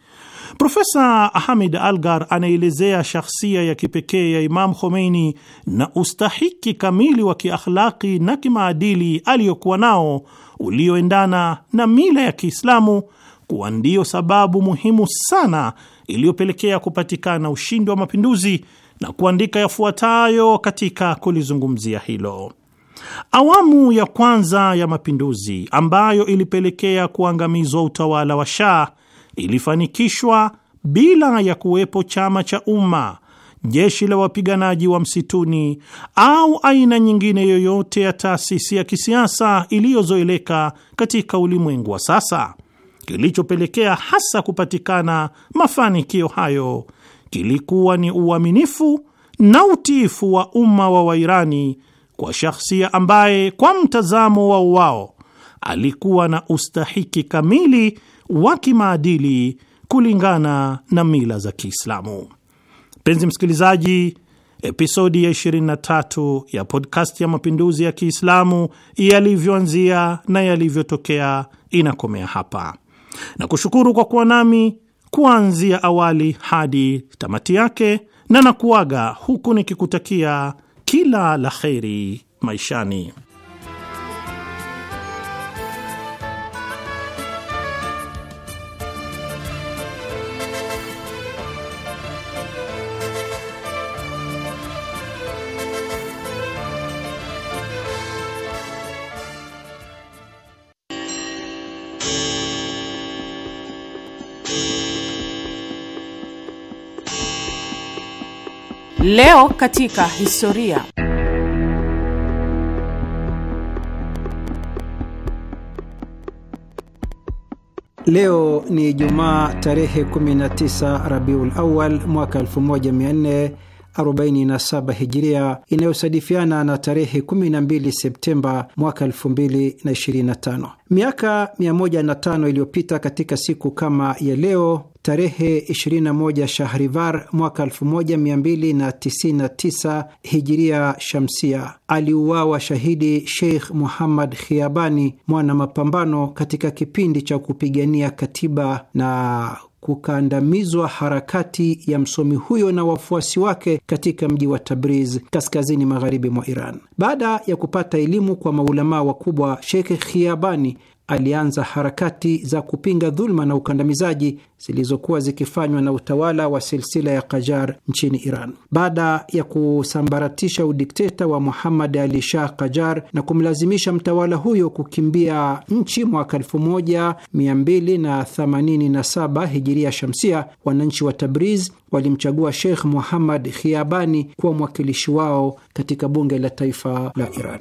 Speaker 2: Profesa Hamid Algar anaelezea shakhsia ya kipekee ya Imam Khomeini na ustahiki kamili wa kiakhlaki na kimaadili aliyokuwa nao ulioendana na mila ya Kiislamu kuwa ndiyo sababu muhimu sana iliyopelekea kupatikana ushindi wa mapinduzi na kuandika yafuatayo katika kulizungumzia hilo. Awamu ya kwanza ya mapinduzi ambayo ilipelekea kuangamizwa utawala wa Shah ilifanikishwa bila ya kuwepo chama cha umma, jeshi la wapiganaji wa msituni au aina nyingine yoyote ya taasisi ya kisiasa iliyozoeleka katika ulimwengu wa sasa. Kilichopelekea hasa kupatikana mafanikio hayo kilikuwa ni uaminifu na utiifu wa umma wa Wairani kwa shahsia ambaye kwa mtazamo wao wao alikuwa na ustahiki kamili wa kimaadili kulingana na mila za Kiislamu. Mpenzi msikilizaji, episodi ya 23 ya podcast ya mapinduzi ya Kiislamu yalivyoanzia na yalivyotokea inakomea hapa, na kushukuru kwa kuwa nami kuanzia awali hadi tamati yake, na nakuaga huku nikikutakia kila la kheri maishani.
Speaker 1: Leo katika historia.
Speaker 4: Leo ni Jumaa tarehe 19 Rabiul Awal mwaka 1447 Hijiria, inayosadifiana na tarehe 12 Septemba mwaka 2025. Miaka 105 iliyopita katika siku kama ya leo tarehe 21 Shahrivar mwaka 1299 hijiria shamsia. Aliuawa shahidi Sheikh Muhammad Khiabani, mwana mapambano katika kipindi cha kupigania katiba na kukandamizwa harakati ya msomi huyo na wafuasi wake katika mji wa Tabriz kaskazini magharibi mwa Iran. Baada ya kupata elimu kwa maulamaa wakubwa, Sheikh Khiabani alianza harakati za kupinga dhuluma na ukandamizaji zilizokuwa zikifanywa na utawala wa silsila ya Kajar nchini Iran. Baada ya kusambaratisha udikteta wa Muhammad Ali Shah Kajar na kumlazimisha mtawala huyo kukimbia nchi mwaka 1287 hijiria shamsia, wananchi wa Tabriz walimchagua Sheikh Muhammad Khiabani kuwa mwakilishi wao katika bunge la taifa la Iran.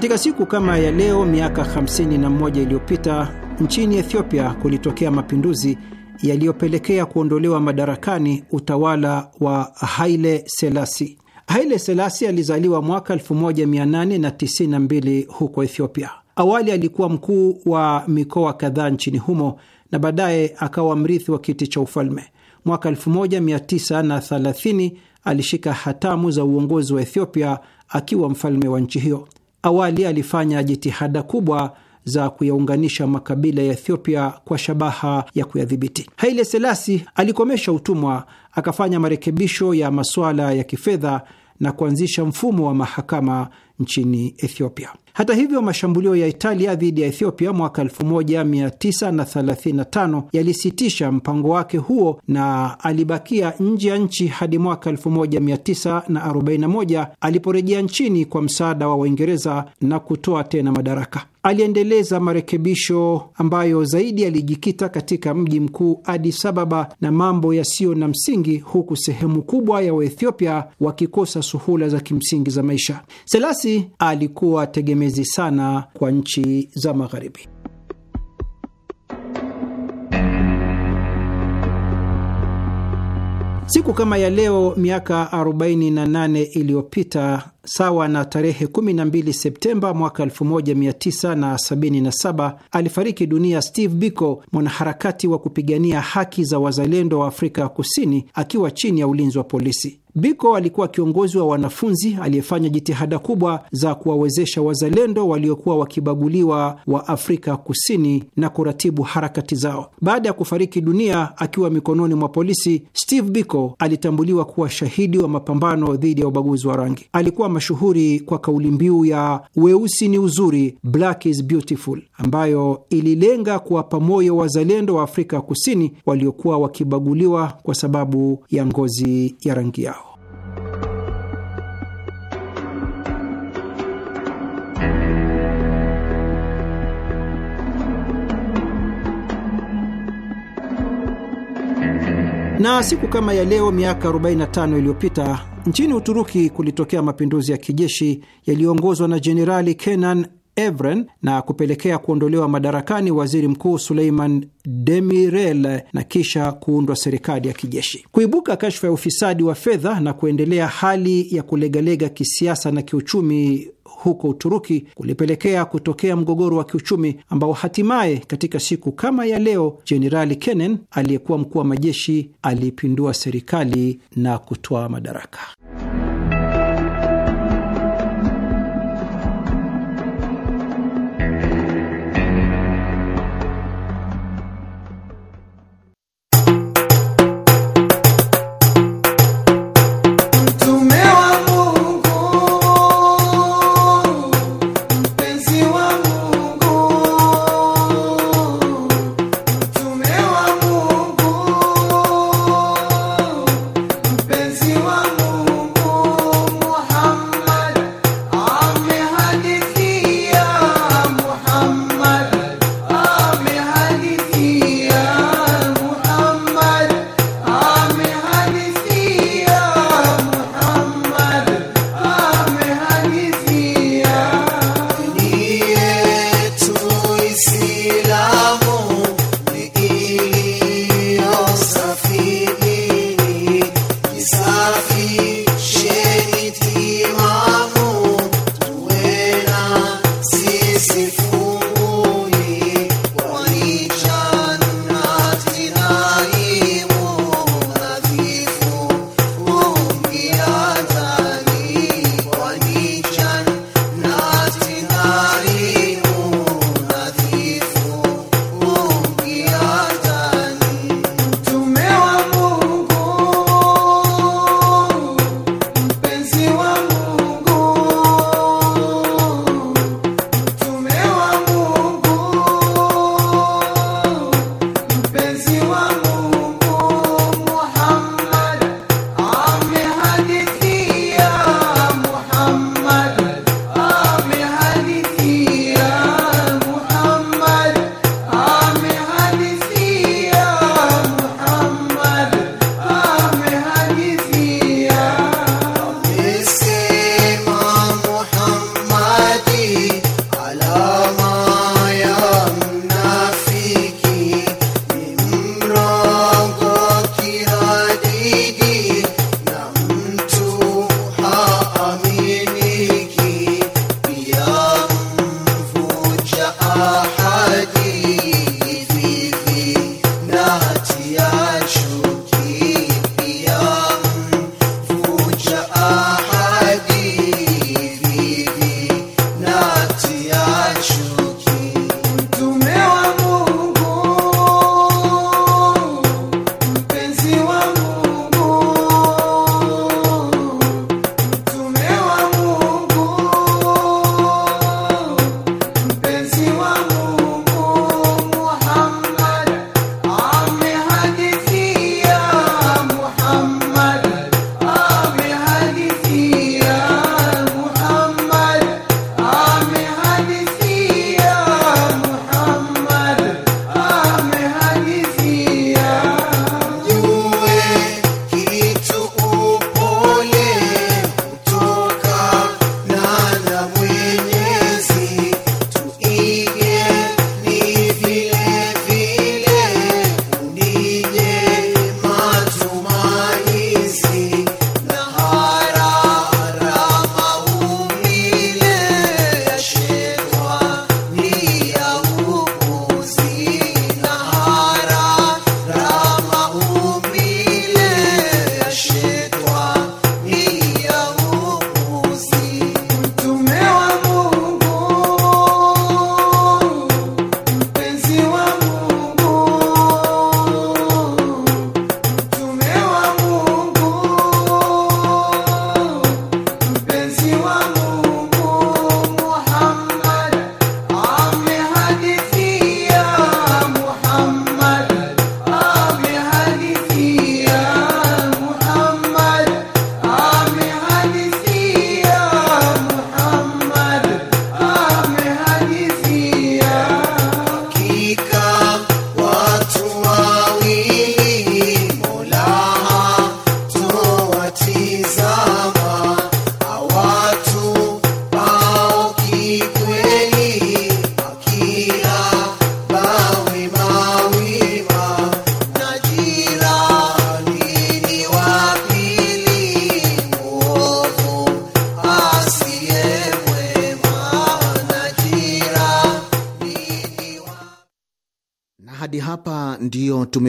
Speaker 4: Katika siku kama ya leo miaka 51 iliyopita nchini Ethiopia kulitokea mapinduzi yaliyopelekea kuondolewa madarakani utawala wa Haile Selasi. Haile Selasi alizaliwa mwaka 1892 huko Ethiopia. Awali alikuwa mkuu wa mikoa kadhaa nchini humo na baadaye akawa mrithi wa kiti cha ufalme. Mwaka 1930 alishika hatamu za uongozi wa Ethiopia akiwa mfalme wa nchi hiyo. Awali alifanya jitihada kubwa za kuyaunganisha makabila ya Ethiopia kwa shabaha ya kuyadhibiti. Haile Selasi alikomesha utumwa, akafanya marekebisho ya masuala ya kifedha na kuanzisha mfumo wa mahakama nchini Ethiopia. Hata hivyo, mashambulio ya Italia dhidi ya Ethiopia mwaka 1935 yalisitisha mpango wake huo na alibakia nje ya nchi hadi mwaka 1941 aliporejea nchini kwa msaada wa Waingereza na kutoa tena madaraka. Aliendeleza marekebisho ambayo zaidi yalijikita katika mji mkuu Addis Ababa na mambo yasiyo na msingi, huku sehemu kubwa ya Waethiopia wakikosa suhula za kimsingi za maisha. Selasi alikuwa tegemezi tegemezi sana kwa nchi za Magharibi. Siku kama ya leo miaka 48 iliyopita sawa na tarehe 12 Septemba mwaka 1977 alifariki dunia Steve Biko, mwanaharakati wa kupigania haki za wazalendo wa Afrika Kusini, akiwa chini ya ulinzi wa polisi. Biko alikuwa kiongozi wa wanafunzi aliyefanya jitihada kubwa za kuwawezesha wazalendo waliokuwa wakibaguliwa wa Afrika Kusini na kuratibu harakati zao. Baada ya kufariki dunia akiwa mikononi mwa polisi, Steve Biko alitambuliwa kuwa shahidi wa mapambano dhidi ya ubaguzi wa rangi. Alikuwa mashuhuri kwa kauli mbiu ya weusi ni uzuri, black is beautiful, ambayo ililenga kuwapa moyo wazalendo wa Afrika Kusini waliokuwa wakibaguliwa kwa sababu ya ngozi ya rangi yao. Na siku kama ya leo miaka 45 iliyopita nchini Uturuki kulitokea mapinduzi ya kijeshi yaliyoongozwa na Jenerali Kenan Evren na kupelekea kuondolewa madarakani waziri mkuu Suleiman Demirel na kisha kuundwa serikali ya kijeshi. Kuibuka kashfa ya ufisadi wa fedha na kuendelea hali ya kulegalega kisiasa na kiuchumi huko Uturuki kulipelekea kutokea mgogoro wa kiuchumi ambao hatimaye katika siku kama ya leo Jenerali Kenen aliyekuwa mkuu wa majeshi alipindua serikali na kutoa madaraka.